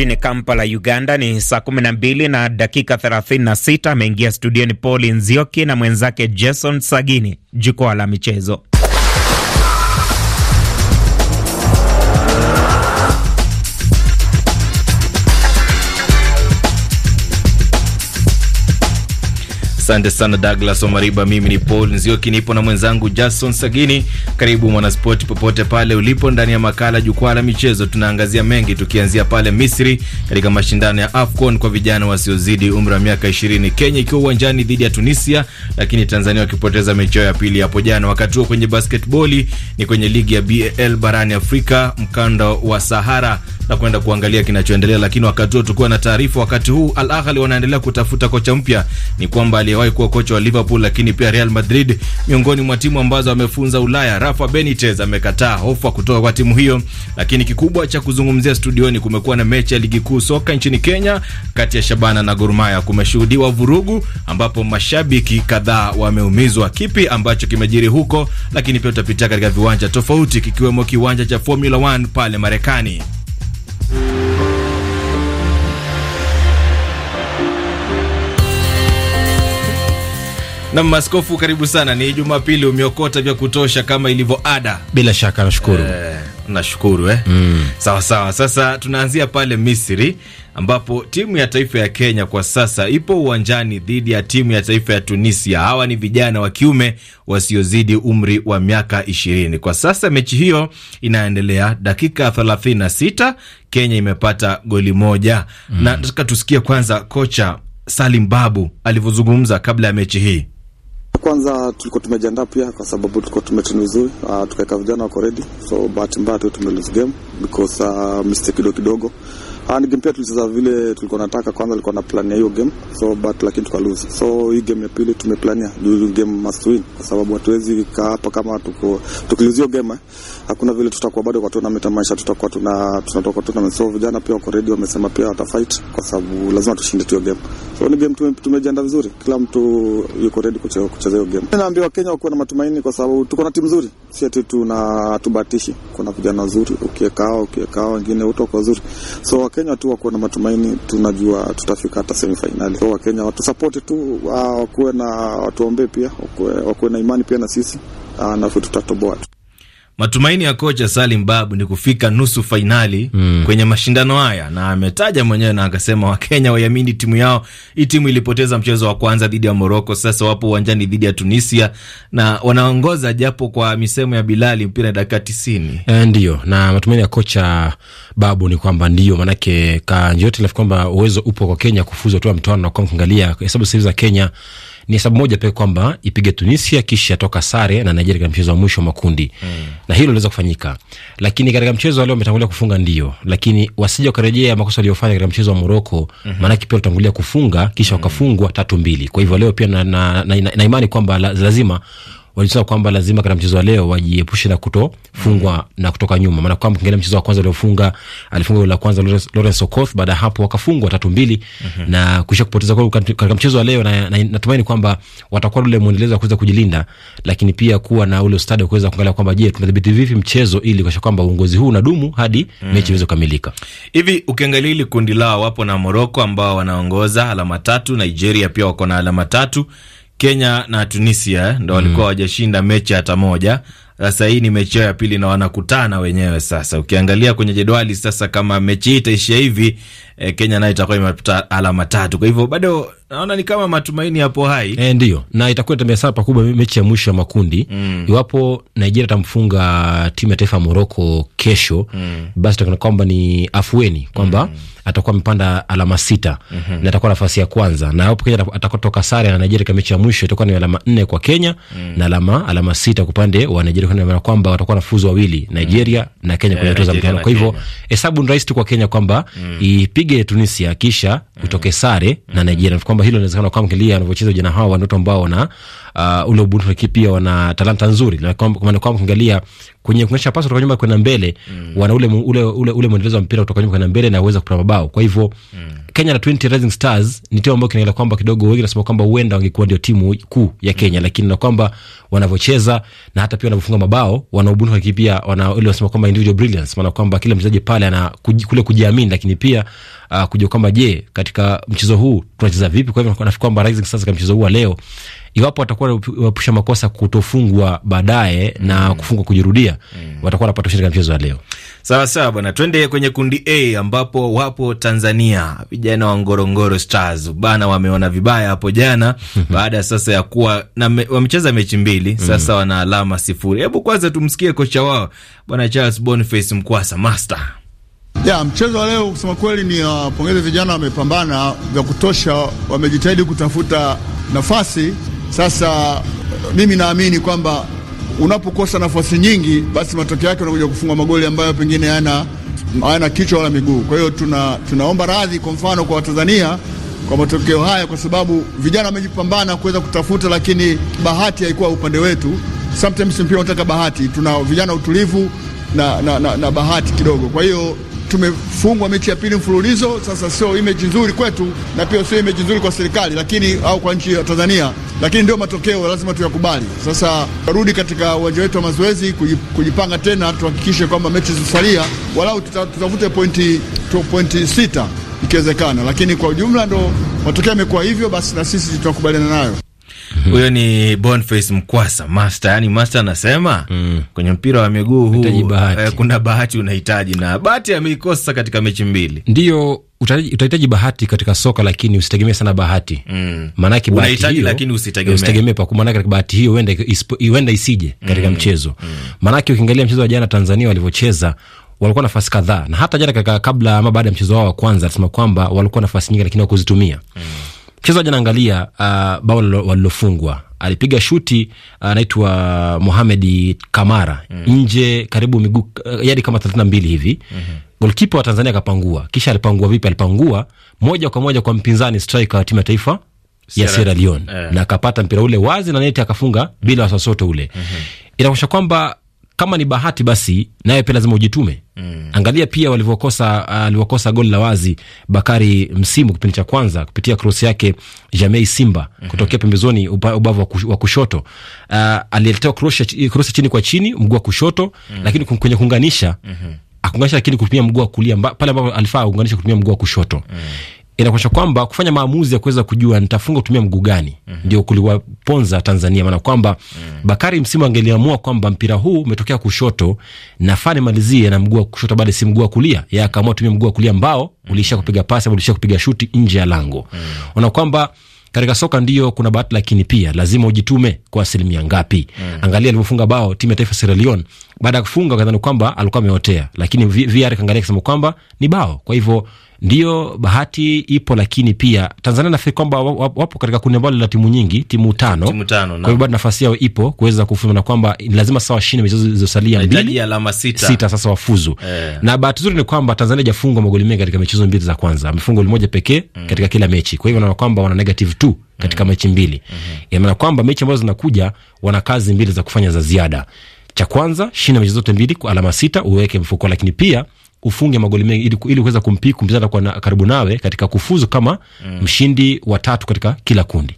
Jijini Kampala, Uganda ni saa 12 na dakika 36. Ameingia studioni Paul Nzioki na mwenzake Jason Sagini. Jukwaa la michezo. Asante sana Douglas Omariba. Mimi ni Paul Nzioki, nipo na mwenzangu Jason Sagini. Karibu mwanaspoti, popote pale ulipo, ndani ya makala Jukwaa la Michezo. Tunaangazia mengi, tukianzia pale Misri katika mashindano ya AFCON kwa vijana wasiozidi umri wa miaka ishirini, Kenya ikiwa uwanjani dhidi ya Tunisia, lakini Tanzania wakipoteza mechi yao ya pili hapo jana. Wakati huo kwenye basketboli ni kwenye ligi ya BAL barani Afrika, mkanda wa Sahara na kwenda kuangalia kinachoendelea. Lakini wakati huo tukiwa na taarifa, wakati huu Al Ahly wanaendelea kutafuta kocha mpya. Ni kwamba aliyewahi kuwa kocha wa Liverpool lakini pia Real Madrid, miongoni mwa timu ambazo amefunza Ulaya, Rafa Benitez amekataa ofa kutoka kwa timu hiyo. Lakini kikubwa cha kuzungumzia studioni, kumekuwa na mechi ya ligi kuu soka nchini Kenya kati ya Shabana na Gor Mahia. Kumeshuhudiwa vurugu ambapo mashabiki kadhaa wameumizwa. Kipi ambacho kimejiri huko? Lakini pia utapitia katika viwanja tofauti kikiwemo kiwanja cha Formula 1 pale Marekani. Thank you. Na maskofu, karibu sana. Ni Jumapili, umeokota vya kutosha kama ilivyo ada. Bila shaka nashukuru. E, nashukuru eh. Mm. Sawa sawa. Sasa tunaanzia pale Misri ambapo timu ya taifa ya Kenya kwa sasa ipo uwanjani dhidi ya timu ya taifa ya Tunisia. Hawa ni vijana wa kiume wasiozidi umri wa miaka ishirini. Kwa sasa mechi hiyo inaendelea dakika thelathini na sita. Kenya imepata goli moja. Mm. Na nataka tusikie kwanza kocha Salim Babu alivyozungumza kabla ya mechi hii. Kwanza tulikuwa tumejiandaa pia, kwa sababu tulikuwa tumetrain vizuri, ah, tukaweka vijana wako ready, so bahati mbaya tu tumelose game because uh, mistake kidogo kidogo and ah, game pia tulicheza vile tulikuwa nataka. Kwanza alikuwa na plania hiyo game so but lakini tuka lose. So hii game ya pili tumeplania juu game must win, kwa sababu hatuwezi kaa hapa kama tuko tukilizio game, eh, hakuna vile tutakuwa bado kwa tournament maisha, tutakuwa tuna tunatoka tuna. So vijana pia wako ready, wamesema pia watafight kwa sababu lazima tushinde hiyo game. So ni game tume, tumejiandaa vizuri, kila mtu yuko ready kucheza kucheza hiyo game. Naambiwa Kenya wakuwa na matumaini kwa sababu tuko na timu nzuri, si eti tuna tubatishi. Kuna vijana wazuri, ukiekao ukiekao wengine uto kwa wazuri so Wakenya tu wakuwe na matumaini, tunajua tutafika hata fainali So Wakenya watusapoti tu, ah, wakuwe na watuombee pia, wakuwe na imani pia na sisi, ah, nafu tutatoboa tu. Matumaini ya kocha Salim Babu ni kufika nusu fainali mm. kwenye mashindano haya, na ametaja mwenyewe na akasema Wakenya waiamini timu yao. Hii timu ilipoteza mchezo wa kwanza dhidi ya Moroko, sasa wapo uwanjani dhidi ya Tunisia na wanaongoza japo kwa misemo ya Bilali, mpira ya dakika tisini. E, ndio na matumaini ya kocha Babu ni kwamba ndio maanake lafu kwamba uwezo upo kwa Kenya kufuzu hatua ya mtoano, na kwa kuangalia hesabu sahivi za Kenya ni hesabu moja pekee kwamba ipige Tunisia kisha toka sare na Nigeria katika mchezo wa mwisho wa makundi mm. na hilo liweza kufanyika, lakini katika mchezo leo wametangulia kufunga ndio, lakini wasije wakarejea makosa waliofanya katika mchezo wa Moroko mm -hmm. maanake pia walitangulia kufunga kisha mm -hmm. wakafungwa tatu mbili. Kwa hivyo leo pia na, na, na, na, na imani kwamba lazima walisema kwamba lazima katika mchezo wa leo wajiepushe na kutofungwa mm na kutoka nyuma, maana kwamba kingelea mchezo wa kwanza aliofunga alifunga la kwanza Lawrence Okoth, baada ya hapo wakafungwa tatu mbili mm -hmm. na kuisha kupoteza kwao katika mchezo wa leo, na, na, kwamba watakuwa ule mwendelezo wa kuweza kujilinda, lakini pia kuwa na ule ustadi wa kuweza kuangalia kwamba je, tunadhibiti vipi mchezo ili kuhakikisha kwamba uongozi huu unadumu hadi mm -hmm. mechi iweze kukamilika. Hivi ukiangalia hili kundi lao, wapo na Morocco ambao wanaongoza alama tatu, Nigeria pia wako na alama tatu Kenya na Tunisia eh, ndo walikuwa mm. wajashinda mechi hata moja. Sasa hii ni mechi yao ya pili na wanakutana wenyewe. Sasa ukiangalia kwenye jedwali sasa, kama mechi hii itaishia hivi e, Kenya nayo itakuwa imepata alama tatu, kwa hivyo bado naona ni kama matumaini yapo hai e, ndio na itakuwa tembea sana pakubwa mechi ya mwisho ya makundi mm. Iwapo Nigeria itamfunga timu ya taifa ya Moroko kesho mm. basi takana kwamba ni afueni kwamba mm atakuwa amepanda alama sita mm -hmm. na atakuwa nafasi ya kwanza, na hapo Kenya atakotoka sare na Nigeria katika mechi ya mwisho itakuwa ni alama nne kwa Kenya mm -hmm. na alama alama sita kwa upande wa Nigeria, kwa maana kwamba watakuwa na fuzu wawili mm. Nigeria mm -hmm. na Kenya kwenye eh, tuzo mtano. Kwa hivyo hesabu ni rahisi tu kwa Kenya kwamba mm -hmm. ipige Tunisia kisha utoke mm. sare mm -hmm. na Nigeria, kwamba hilo inawezekana kwa kile anavyocheza jana hawa watu ambao wana uh, ule ubunifu lakini pia wana talanta nzuri, kwa maana kwamba ukiangalia kwenye kuonyesha pasi kutoka nyuma kwenda mbele mm. wana ule ule ule, ule mwendelezo wa mpira kutoka nyuma kwenda mbele na uweza kupata mabao. Kwa hivyo mm. Kenya na 20 Rising Stars ni timu ambayo kinaelewa kwamba kidogo, wengi nasema kwamba huenda wangekuwa ndio timu kuu ya Kenya mm. lakini na kwamba wanavyocheza na hata pia wanavyofunga mabao wana ubunifu, lakini pia wana ile wasema kwamba individual brilliance, maana kwamba kila mchezaji pale ana kule kujiamini, lakini pia uh, kujua kwamba je, katika mchezo huu tunacheza vipi. Kwa hivyo nafikiri kwamba Rising Stars katika mchezo huu wa leo iwapo watakuwa wapusha makosa kutofungwa baadaye mm. na kufungwa kujirudia mm. watakuwa wanapata ushindi katika mchezo wa leo. Sawa sawa bwana, twende kwenye kundi A ambapo wapo Tanzania vijana wa Ngorongoro Stars bana, wameona vibaya hapo jana baada sasa ya kuwa na me, wamecheza mechi mbili mm. sasa mm. wana alama sifuri. Hebu kwanza tumsikie kocha wao bwana Charles Boniface Mkwasa master ya mchezo wa leo kusema kweli ni uh, pongeze vijana wamepambana vya kutosha, wamejitahidi kutafuta nafasi sasa eh, mimi naamini kwamba unapokosa nafasi nyingi, basi matokeo yake unakuja kufungwa magoli ambayo pengine hayana hayana kichwa wala miguu. Kwa hiyo tuna, tunaomba radhi kwa mfano kwa Watanzania kwa matokeo haya, kwa sababu vijana wamejipambana kuweza kutafuta, lakini bahati haikuwa upande wetu. Sometimes mpira unataka bahati, tuna vijana utulivu na, na, na, na bahati kidogo, kwa hiyo tumefungwa mechi ya pili mfululizo sasa, sio imeji nzuri kwetu na pia sio imeji nzuri kwa serikali lakini, au kwa nchi ya Tanzania, lakini ndio matokeo, lazima tuyakubali. Sasa tarudi katika uwanja wetu wa mazoezi kujipanga tena, tuhakikishe kwamba mechi zisalia walau tutavute pointi pointi sita ikiwezekana, lakini kwa ujumla ndo matokeo yamekuwa hivyo, basi na sisi tutakubaliana nayo. Mm. huyo mm. ni Boniface Mkwasa master, yani master anasema mm. kwenye mpira wa miguu huu bahati. Eh, kuna bahati unahitaji na bahati ameikosa katika mechi mbili. Ndio utahitaji bahati katika soka, lakini usitegemee sana bahati mm. maanake bahati lakini usitegemee usitegemee pa maanake bahati hiyo huenda huenda isije katika mm. mchezo mm. maanake ukiangalia mchezo wa jana Tanzania walivyocheza walikuwa nafasi kadhaa na hata jana kabla ama baada ya mchezo wao wa kwanza anasema kwamba walikuwa nafasi nyingi lakini hawakuzitumia mm. Mchezo jana, angalia uh, bao walilofungwa alipiga shuti uh, anaitwa uh, Mohamed Kamara mm. nje karibu miguu uh, yadi kama thelathini na mbili hivi mm -hmm. Golkipa wa Tanzania akapangua, kisha alipangua vipi? Alipangua moja kwa moja kwa mpinzani striker wa timu ya taifa ya Sierra Leone yeah. na akapata mpira ule wazi na neti akafunga bila wasasoto ule mm -hmm. Inaonyesha kwamba kama ni bahati basi naye pia lazima ujitume. Mm. Angalia pia walivyokosa uh, alivyokosa goli la wazi Bakari msimu kipindi cha kwanza kupitia krosi yake Jamei Simba mm -hmm. kutokea pembezoni ubavu wa kushoto. Uh, aliletewa cross chini kwa chini mguu wa kushoto mm -hmm. lakini kwenye kuunganisha mm -hmm. akunganisha lakini kutumia mguu wa kulia pale ambapo alifaa kuunganisha kutumia mguu wa kushoto. Mm inakuonyesha kwamba kufanya maamuzi ya kuweza kujua nitafunga kutumia mguu gani mm -hmm. ndio kuliwaponza Tanzania, maana kwamba mm -hmm. Bakari Msimu angeliamua kwamba mpira huu umetokea kushoto, nafaa nimalizie na mguu wa kushoto, bali si mguu wa kulia. Yeye akaamua kutumia mguu wa kulia ambao uliishia mm. kupiga pasi au uliishia kupiga shuti nje ya lango mm -hmm. kwamba katika soka ndiyo kuna bahati, lakini pia lazima ujitume kwa asilimia ngapi? mm. Angalia alivyofunga bao timu ya taifa Sierra Leone baada ya kufunga kadhani kwamba alikuwa ameotea, lakini VR kaangalia kusema kwamba ni bao. Kwa hivyo ndio bahati ipo, lakini pia Tanzania nafikiri kwamba wapo katika kundi ambalo la timu nyingi, timu tano, timu tano. Kwa hivyo bado nafasi yao ipo kuweza kufunga, na kwamba lazima sasa washinde michezo zilizosalia mbili, alama sita, sita sasa wafuzu eh. Na bahati nzuri ni kwamba Tanzania hajafungwa magoli mengi katika michezo mbili za kwanza, amefunga goli moja pekee mm. katika kila mechi, kwa hivyo naona kwamba wana negative two katika mm. mechi mbili mm -hmm. Ina maana kwamba mechi ambazo zinakuja wana kazi mbili za kufanya za ziada cha kwanza shinda mechi zote mbili kwa alama sita uweke mfuko, lakini pia ufunge magoli mengi ili, ili kuweza kumpi kumpizana kwa na, karibu nawe katika kufuzu kama mm. mshindi wa tatu katika kila kundi.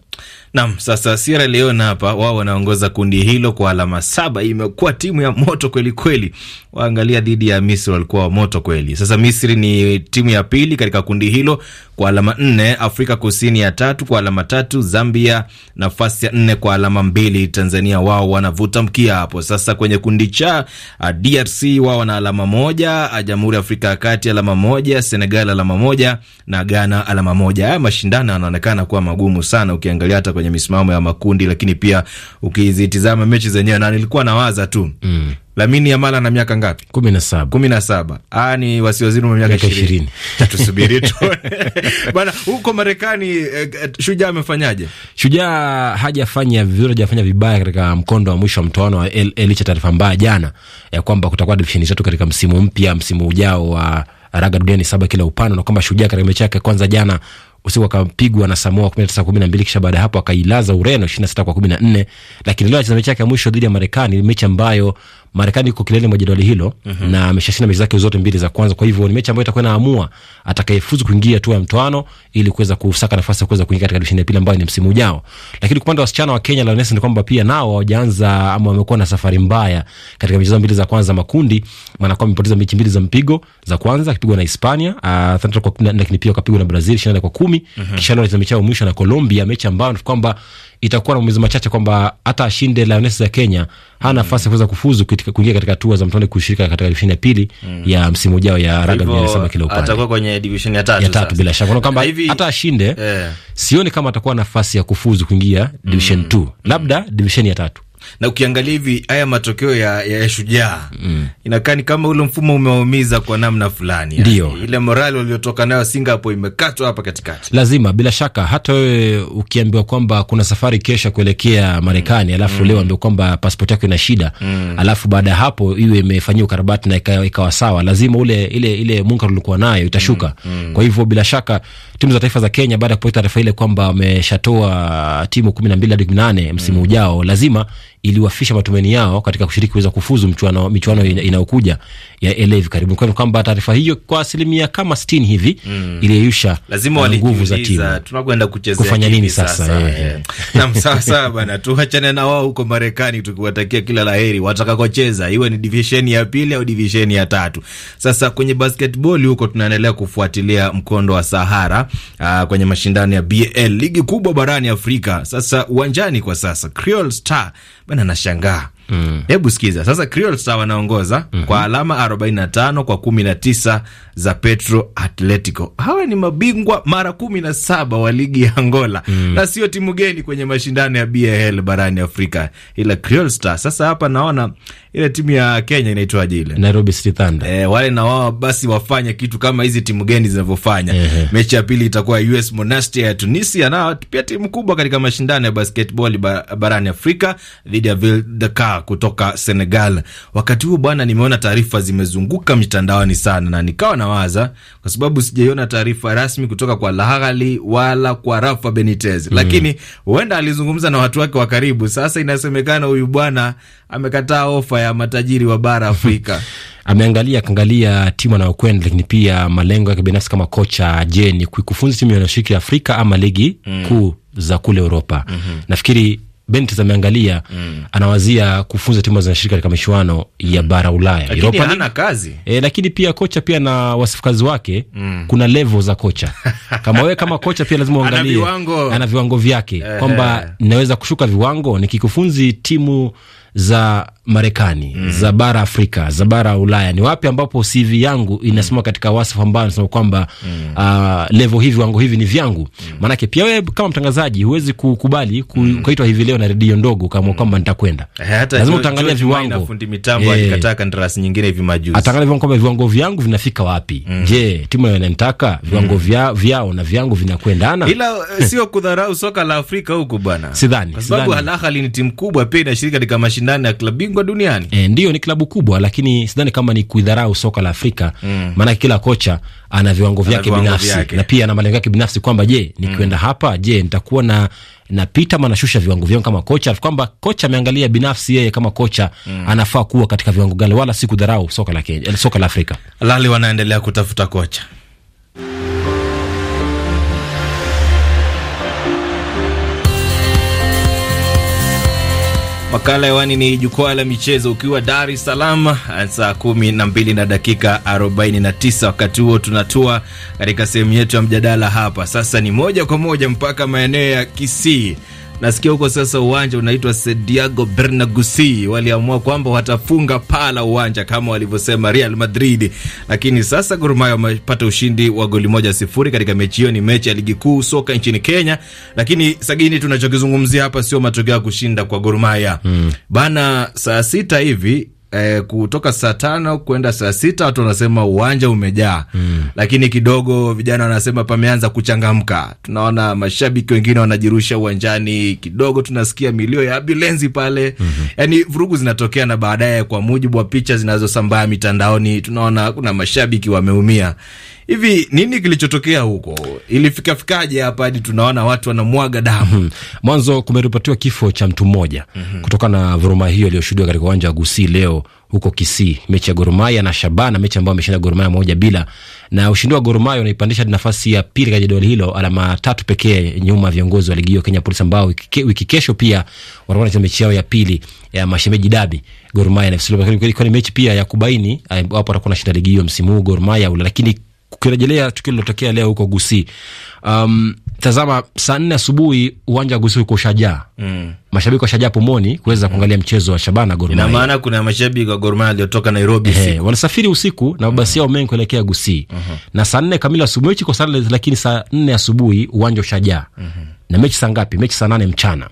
Nam, sasa Sierra Leone hapa wao wanaongoza kundi hilo kwa alama saba. Imekuwa timu ya moto kweli kweli, waangalia dhidi ya Misri walikuwa moto kweli. Sasa Misri ni timu ya pili katika kundi hilo kwa alama nne, Afrika Kusini ya tatu kwa alama tatu, Zambia nafasi ya nne kwa alama mbili, Tanzania wao wanavuta mkia hapo sasa. Kwenye kundi cha uh, DRC wao wana alama moja, uh, Jamhuri ya Afrika ya Kati alama moja, Senegal alama moja na Ghana alama moja. Haya mashindano yanaonekana kuwa magumu sana, ukiangalia hata kwenye misimamo ya makundi, lakini pia ukizitizama mechi zenyewe, na nilikuwa nawaza tu mm. Lamini Yamala na miaka ngapi? kumi na saba. Kumi na saba. Aa, ah, ni wasiwaziri wa miaka ishirini. Tusubiri tu bana. Huko Marekani eh, Shujaa amefanyaje? Shujaa hajafanya vizuri, hajafanya vibaya katika mkondo wa mwisho wa mtoano wa licha taarifa mbaya jana ya kwamba kutakuwa divisheni zetu katika msimu mpya, msimu ujao wa raga duniani saba kila upande, na kwamba Shujaa katika mechi yake kwanza jana usiku akapigwa na Samoa kumi na tisa kumi na mbili kisha baada ya hapo akailaza Ureno na sita kwa kumi na nne Lakini leo acheza mechi yake ya mwisho dhidi ya Marekani, mechi ambayo Marekani iko kilele mwa jedwali hilo mm -hmm. na ameshashinda mechi zake zote mbili za kwanza. Kwa hivyo ni mechi ambayo itakuwa inaamua atakayefuzu kuingia hatua ya mtoano ili kuweza kusaka nafasi ya kuweza kuingia katika divisheni ya pili ambayo ni msimu ujao. Lakini kwa upande wa wasichana wa Kenya, la ni kwamba pia nao hawajaanza ama wamekuwa na safari mbaya katika mechi zao mbili za kwanza makundi, maana kwa wamepoteza mechi mbili za mpigo za kwanza, akipigwa na Hispania uh, kwa kumi, lakini pia wakapigwa na Brazil ishirini na nne kwa kumi mm -hmm. kisha leo ni mechi yao mwisho na Colombia, mechi ambayo ni kwamba itakuwa na maumizi machache kwamba hata ashinde Lionesses za Kenya hana mm. nafasi mm. ya kuweza kufuzu kuingia katika hatua za mtoni kushirika katika divisheni ya pili mm. ya msimu ujao ya raga mia saba kila upande, atakuwa kwenye divisheni ya tatu, ya tatu bila shaka kwamba hata ashinde yeah. sioni kama atakuwa na nafasi ya kufuzu kuingia divisheni mm. 2 labda mm. divisheni ya tatu na ukiangalia hivi haya matokeo ya, ya Shujaa mm. inakaa ni kama ule mfumo umewaumiza kwa namna fulani, ndio ile morali waliotoka nayo Singapore imekatwa hapa katikati. Lazima bila shaka, hata wewe ukiambiwa kwamba kuna safari kesha kuelekea Marekani mm. alafu mm. leo ambiwa kwamba pasipoti yako ina shida mm. alafu baada ya hapo iwe imefanyiwa ukarabati na ikawa sawa, lazima ule ile ile munkar ulikuwa nayo itashuka mm. Mm. Kwa hivyo bila shaka timu za taifa za Kenya baada ya kupata taarifa ile kwamba wameshatoa timu kumi na mbili hadi kumi na nane msimu mm. ujao lazima iliwafisha matumaini yao katika kushiriki kuweza kufuzu mchuano, michuano inayokuja ya elevi karibu karibuni, kwamba taarifa hiyo kwa asilimia kama 60 hivi mm. iliyeyusha eh, nguvu za timu tunakwenda kuchezea kufanya nini sasa, sasa eh. Yeah. Naam, sawa sawa bana, tuachane na wao huko Marekani, tukiwatakia kila laheri watakakocheza, iwe ni divisheni ya pili au divisheni ya tatu. Sasa kwenye basketball huko tunaendelea kufuatilia mkondo wa Sahara aa, ah, kwenye mashindano ya BL ligi kubwa barani Afrika. Sasa uwanjani kwa sasa Creole Star bana, nashangaa Mm. Hebu sikiza sasa, Creoles wanaongoza mm -hmm. kwa alama 45 kwa 19 za Petro Atletico. Hawa ni mabingwa mara 17 wa ligi ya Angola mm. na sio timu geni kwenye mashindano ya BAL barani Afrika, ila Creoles sasa hapa naona ile timu ya Kenya inaitwaje ile Nairobi City Thunder eh, wale na wao basi wafanye kitu kama hizi timu gani zinavyofanya. Mechi ya pili itakuwa US Monastir ya Tunisia, na pia timu kubwa katika mashindano ya basketball barani Afrika dhidi ya Ville Dakar kutoka Senegal. Wakati huo bwana, nimeona taarifa zimezunguka mitandaoni sana, na nikawa nawaza kwa sababu sijaiona taarifa rasmi kutoka kwa Lahali wala kwa Rafa Benitez, mm. lakini huenda alizungumza na watu wake wa karibu. Sasa inasemekana huyu bwana amekataa ofa ya matajiri wa bara Afrika. Ameangalia akaangalia timu anayokwenda, lakini pia malengo yake binafsi kama kocha. Je, ni kuifunza timu yanayoshiriki Afrika ama ligi mm. kuu za kule Uropa? mm -hmm. nafikiri Benitez ameangalia mm. anawazia kufunza timu zinashiriki katika michuano ya mm. bara Ulaya, lakini hana kazi e. Lakini pia kocha pia na wasifukazi wake mm. kuna level za kocha kama wewe kama kocha pia lazima uangalie ana viwango, ana viwango vyake kwamba naweza kushuka viwango nikikufunzi timu za Marekani mm. -hmm. za bara Afrika za bara Ulaya ni wapi ambapo CV yangu mhm. inasema katika wasifu ambao nasema kwamba mm. -hmm. uh, level hivi wangu hivi ni vyangu mm. Maanake pia wewe kama mtangazaji huwezi kukubali ku, mm. ukaitwa hivi leo na redio ndogo kama mm -hmm. kwamba nitakwenda, eh, lazima utaangalia viwango. Fundi mitambo eh. alikataa kandarasi nyingine hivi majuzi, ataangalia viwango kwamba viwango vyangu vinafika wapi mm. -hmm. Je, timu yao inanitaka viwango mm. vya, vyao na vyangu vinakwendana? Ila eh, sio kudharau soka la Afrika huku bwana, sidhani, kwa sababu Al Ahly ni timu kubwa pia inashiriki katika mashindano ya klabu bingwa duniani e, ndio ni klabu kubwa, lakini sidhani kama ni kuidharau soka la Afrika mm. Maanake kila kocha ana viwango vyake binafsi vyake. Na pia ana malengo yake binafsi kwamba je, nikienda mm. hapa, je nitakuwa na napita ama nashusha viwango vyangu kama kocha, alafu kwamba kocha ameangalia binafsi yeye kama kocha mm. anafaa kuwa katika viwango gani, wala si kudharau soka la Kenya, soka la Afrika. Lali wanaendelea kutafuta kocha Makala hewani ni jukwaa la michezo, ukiwa Dar es Salaam saa kumi na mbili na dakika arobaini na tisa. Wakati huo tunatua katika sehemu yetu ya mjadala hapa sasa, ni moja kwa moja mpaka maeneo ya Kisii Nasikia huko sasa uwanja unaitwa Santiago Bernabeu. Waliamua kwamba watafunga paa la uwanja kama walivyosema Real Madrid, lakini sasa Gor Mahia wamepata ushindi wa goli moja sifuri katika mechi hiyo. Ni mechi ya ligi kuu soka nchini Kenya, lakini sagini, tunachokizungumzia hapa sio matokeo ya kushinda kwa Gor Mahia hmm. Bana, saa sita hivi eh, kutoka saa tano kwenda saa sita watu wanasema uwanja umejaa mm. Lakini kidogo vijana wanasema pameanza kuchangamka, tunaona mashabiki wengine wanajirusha uwanjani kidogo, tunasikia milio ya ambulensi pale mm -hmm. Yani vurugu zinatokea, na baadaye, kwa mujibu wa picha zinazosambaa mitandaoni, tunaona kuna mashabiki wameumia. Hivi nini kilichotokea huko? Ilifikafikaje hapa hadi tunaona watu wanamwaga damu? Mm -hmm. Mwanzo kumeripotiwa kifo cha mtu mmoja mm -hmm. kutokana na vuruma hiyo iliyoshuhudiwa katika uwanja wa Gusii leo huko Kisii, mechi ya Gorumaya na Shabana, mechi ambayo ameshinda Gorumaya moja bila, na ushindi wa Gorumaya unaipandisha nafasi ya pili katika jedwali hilo, alama tatu pekee nyuma ya viongozi wa ligi hiyo Kenya Police, ambao wiki kesho pia watakuwa wanacheza mechi yao ya pili ya mashemeji dabi Gorumaya na FC Leopards. Ilikuwa mechi pia ya kubaini eh, wapo watakuwa wanashinda ligi hiyo msimu huu Gorumaya ule, lakini tukirejelea tukio lilotokea leo huko Gusii, um, tazama saa nne asubuhi uwanja wa Gusii uko ushajaa mm. Mashabiki washajaa pomoni kuweza mm. kuangalia mm. mchezo wa Shabana Gor Mahia. Ina maana kuna mashabiki wa Gor Mahia waliotoka Nairobi usiku wanasafiri usiku na mabasi mm. yao mengi kuelekea Gusii mm-hmm. na saa nne kamili asubuhi, mechi iko saa lakini saa nne asubuhi uwanja ushajaa. mm-hmm. Na mechi saa ngapi? Mechi saa nane mchana.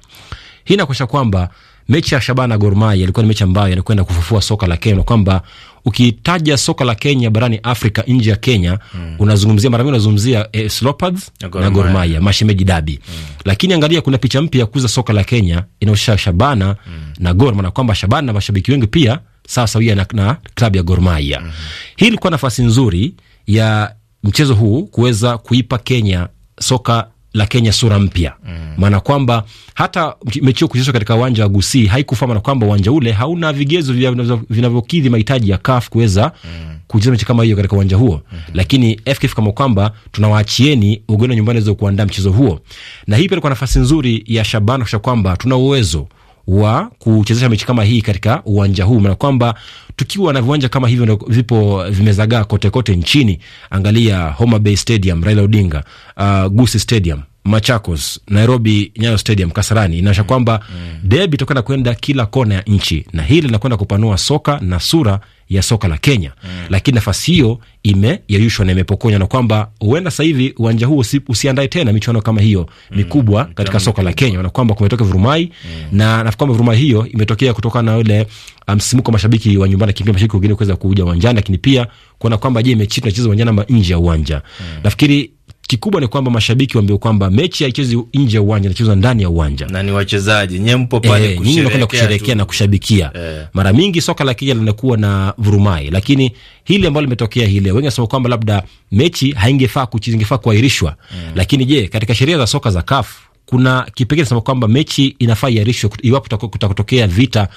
Hii inakuonyesha kwamba mechi ya Shabana Gor Mahia ilikuwa ni mechi ambayo inakwenda kufufua soka la Kenya, kwamba ukitaja soka la Kenya barani Afrika nje ya Kenya mm. unazungumzia mara mingi unazungumzia eh, Leopards na Gor Mahia mashemeji dabi mm. Lakini angalia kuna picha mpya ya kuuza soka la Kenya inaosha Shabana mm. na Gor, maana kwamba Shabana na mashabiki wengi pia sasa wia na, na klabu ya Gor Mahia mm. Hii ilikuwa nafasi nzuri ya mchezo huu kuweza kuipa Kenya soka la Kenya sura mpya mm. maana mm. kwamba hata mechi hiyo kuchezwa katika uwanja wa Gusii haikufaa, maana kwamba uwanja ule hauna vigezo vinavyokidhi mahitaji ya CAF kuweza mm. kucheza mechi kama hiyo katika uwanja huo mm -hmm. Lakini FKF kama kwamba tunawaachieni ugeni nyumbani waweze kuandaa mchezo huo, na hii pia ilikuwa nafasi nzuri ya Shabana kusha kwamba tuna uwezo wa kuchezesha mechi kama hii katika uwanja huu, na kwamba tukiwa na viwanja kama hivyo vipo vimezagaa kote kote nchini. Angalia Homa Bay Stadium Raila Odinga, uh, Gusii Stadium Machakos, Nairobi, Nyayo Stadium, Kasarani, inaonyesha kwamba mm. debi itakwenda kwenda kila kona ya nchi, na hili linakwenda kupanua soka na sura ya soka la Kenya mm. Lakini nafasi hiyo imeyayushwa na imepokonywa na kwamba huenda sasa hivi uwanja huo usi, usiandae tena michuano kama hiyo mikubwa mm. katika Jami soka la Kenya, na kwamba kumetokea vurumai mm. na nafikiri kwamba vurumai hiyo imetokea kutokana na ule msimuko um, mashabiki wa nyumbani kimbia mashabiki wengine kuweza kuja uwanjani, lakini pia kuona kwamba je, mechi tunacheza uwanjani ama nje ya uwanja mm. nafikiri Kikubwa ni kwamba mashabiki waambie kwamba mechi haichezi nje ya uwanja, inachezwa ndani ya uwanja, na ni wachezaji nyewe mpo pale eh, kusherehekea, kusherekea na kushabikia e. Mara mingi soka la kija linakuwa na vurumai, lakini hili ambalo limetokea hii leo, wengi wanasema kwamba labda mechi haingefaa kuchezwa, ingefaa kuahirishwa mm. Lakini je, katika sheria za soka za kafu kuna kipengele nasema kwamba mechi inafaa iahirishwe iwapo kutakotokea vita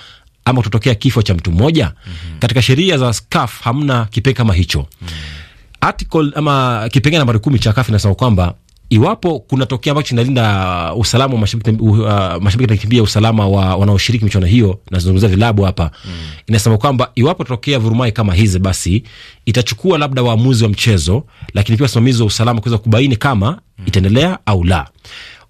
ama kutotokea kifo cha mtu mmoja mm -hmm. Katika sheria za CAF hamna kipengele kama hicho mm -hmm article ama kipengele nambari kumi cha kafu inasema kwamba iwapo kuna tokeo ambacho kinalinda uh, usalama wa mashabiki uh, mashabiki nakimbia usalama wa wanaoshiriki michuano hiyo, nazungumzia vilabu hapa mm. Inasema kwamba iwapo tokea vurumai kama hizi, basi itachukua labda waamuzi wa mchezo, lakini pia wasimamizi wa usalama kuweza kubaini kama mm. itaendelea au la.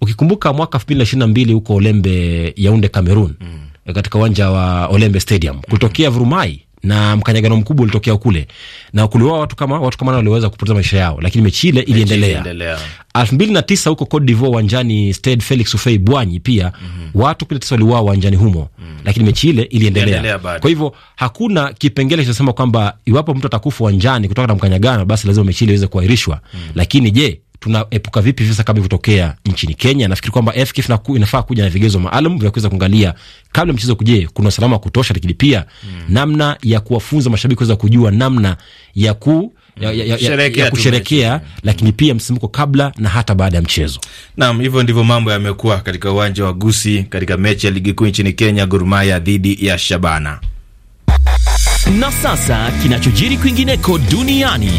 Ukikumbuka mwaka elfu mbili na ishirini na mbili huko Olembe Yaunde, Cameroon mm. katika uwanja wa Olembe Stadium kutokea mm. vurumai na mkanyagano mkubwa ulitokea kule na kuliwa watu kama watu kama waliweza kupoteza maisha yao, lakini mechi ile iliendelea. elfu mbili na tisa huko Cote d'Ivoire uwanjani Stade Felix Houphouet Boigny pia mm -hmm. watu kumi na tisa waliuawa uwanjani humo mm -hmm. lakini mechi ile iliendelea. Kwa hivyo hakuna kipengele kinachosema kwamba iwapo mtu atakufa uwanjani kutokana na mkanyagano, basi lazima mechi ile iweze kuahirishwa mm -hmm. lakini je tunaepuka vipi visa kama vilivyotokea nchini Kenya. Nafikiri kwamba FKF inafaa kuja na vigezo maalum vya kuweza kuangalia kabla mchezo kuje, kuna usalama wa kutosha, lakini pia mm. namna ya kuwafunza mashabiki kuweza kujua namna ya ku hmm. ya, ya, ya, ya kusherekea hmm. lakini pia msimuko kabla na hata baada ya mchezo. Naam, hivyo ndivyo mambo yamekuwa katika uwanja wa Gusi katika mechi ya ligi kuu nchini Kenya, Gor Mahia dhidi ya Shabana. Na sasa kinachojiri kwingineko duniani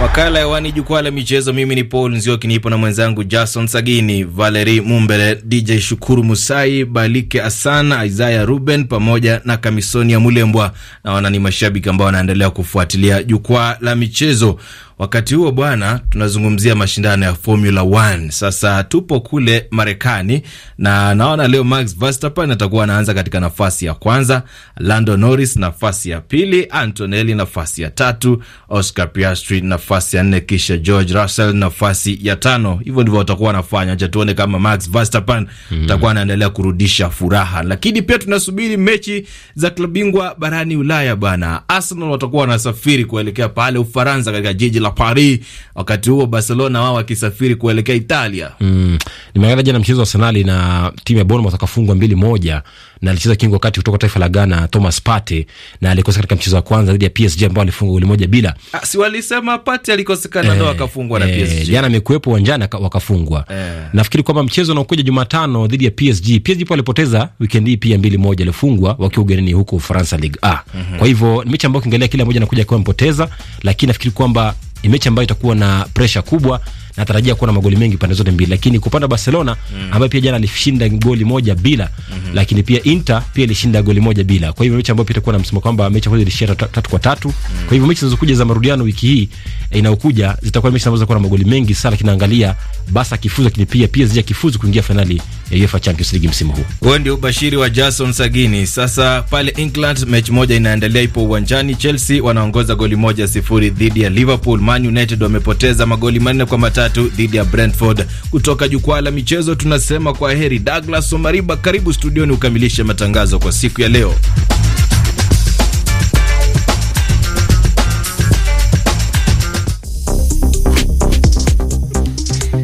Makala ya wani jukwaa la michezo. Mimi ni Paul Nzioki, nipo na mwenzangu Jason Sagini, Valeri Mumbele, DJ Shukuru Musai, Balike Asana, Isaya Ruben pamoja na Kamisonia Mulembwa Naona ni mashabiki ambao wanaendelea kufuatilia jukwaa la michezo. Wakati huo bwana, tunazungumzia mashindano ya Formula 1. Sasa tupo kule Marekani na naona leo Max Verstappen atakuwa anaanza katika nafasi ya kwanza, Lando Norris nafasi ya pili, Antonelli nafasi ya tatu, Oscar Piastri nafasi ya nne, kisha George Russell nafasi ya tano. Hivyo ndivyo watakuwa wanafanya. Acha tuone kama Max Verstappen mhm. atakuwa mm -hmm. anaendelea kurudisha furaha, lakini pia tunasubiri mechi za klabu bingwa barani Ulaya bwana. Arsenal watakuwa wanasafiri kuelekea pale Ufaransa katika jiji la na Paris, wakati huo Barcelona wao wakisafiri kuelekea Italia. Mm. Nimeangalia jana mchezo wa senali na timu ya Bournemouth wakafungwa mbili moja na alicheza kingo wakati kutoka taifa la Ghana Thomas Pate, na alikosa katika mchezo wa kwanza dhidi ya PSG ambao alifunga goli moja bila. Ah, si walisema Partey alikosekana eh, ndo akafungwa na eh, PSG. Jana amekuwepo uwanjani wakafungwa. Eh. Nafikiri kwamba mchezo unaokuja Jumatano dhidi ya PSG, PSG pia alipoteza wikendi hii pia mbili moja, alifungwa wakiwa ugenini huko Ufaransa Ligue A. Mhm. Kwa hivyo ni mechi ambayo ukiangalia kila moja anakuja akiwa mpoteza, lakini nafikiri kwamba ni mechi ambayo itakuwa na presha kubwa natarajia kuona magoli mengi pande zote mbili, lakini kupanda Barcelona mm. ambayo pia jana alishinda goli moja bila mm -hmm. lakini pia Inter pia ilishinda goli moja bila. Kwa hivyo mechi ambayo pia itakuwa na msimamo kwamba mechi ambayo ilishia tatu kwa tatu mm. kwa hivyo mechi zinazokuja za marudiano wiki hii eh, inayokuja zitakuwa mechi ambazo zitakuwa na magoli mengi sana, lakini angalia basa kifuzu, lakini pia pia zija kifuzu kuingia fainali ya UEFA Champions League msimu huu. Huo ndio ubashiri wa Jason Sagini. Sasa pale England mechi moja inaendelea, ipo uwanjani. Chelsea wanaongoza goli moja sifuri dhidi ya Liverpool. Man United wamepoteza magoli manne kwa mata tatu dhidi ya Brentford. Kutoka jukwaa la michezo tunasema kwa heri, Douglas Omariba, karibu studioni ukamilishe matangazo kwa siku ya leo.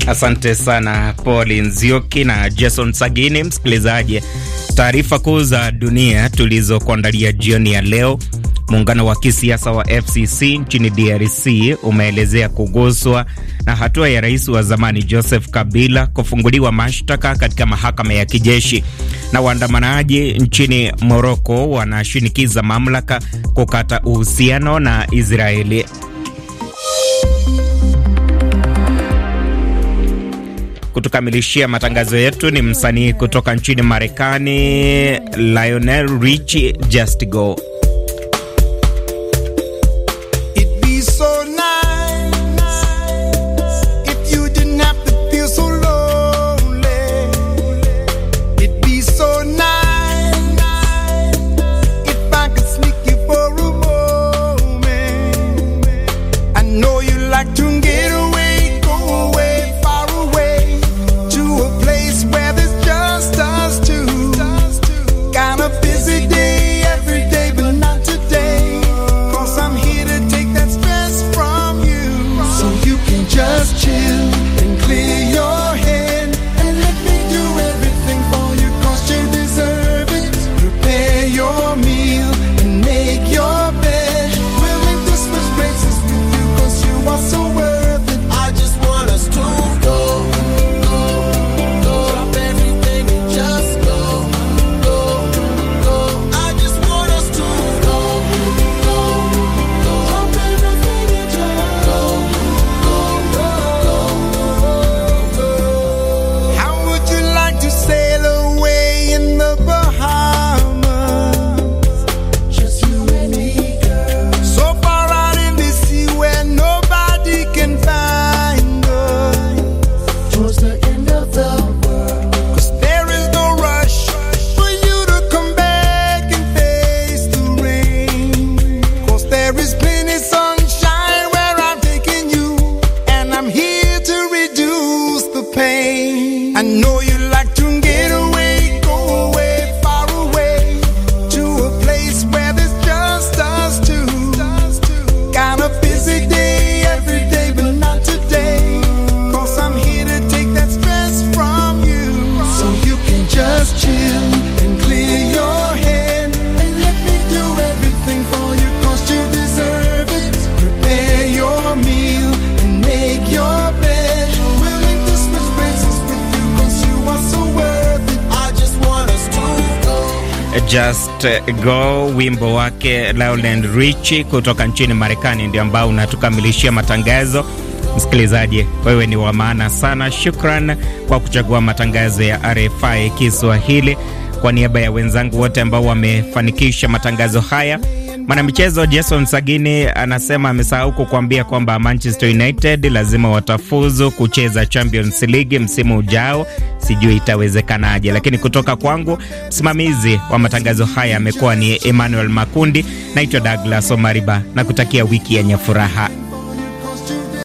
Asante sana Paul Nzioki na Jason Sagini. Msikilizaji, taarifa kuu za dunia tulizokuandalia jioni ya leo Muungano wa kisiasa wa FCC nchini DRC umeelezea kuguswa na hatua ya rais wa zamani Joseph Kabila kufunguliwa mashtaka katika mahakama ya kijeshi. Na waandamanaji nchini Moroko wanashinikiza mamlaka kukata uhusiano na Israeli. Kutukamilishia matangazo yetu ni msanii kutoka nchini Marekani, Lionel Richie Just Go. just chill. Just Go, wimbo wake Lowland Richie kutoka nchini Marekani, ndio ambao unatukamilishia matangazo. Msikilizaji, wewe ni wa maana sana. Shukran kwa kuchagua matangazo ya RFI Kiswahili. Kwa niaba ya wenzangu wote ambao wamefanikisha matangazo haya Mwanamichezo Jason Sagini anasema amesahau kukuambia kwamba Manchester United lazima watafuzu kucheza Champions League msimu ujao. Sijui itawezekanaje, lakini kutoka kwangu, msimamizi wa matangazo haya amekuwa ni Emmanuel Makundi. Naitwa Douglas Omariba na kutakia wiki yenye furaha.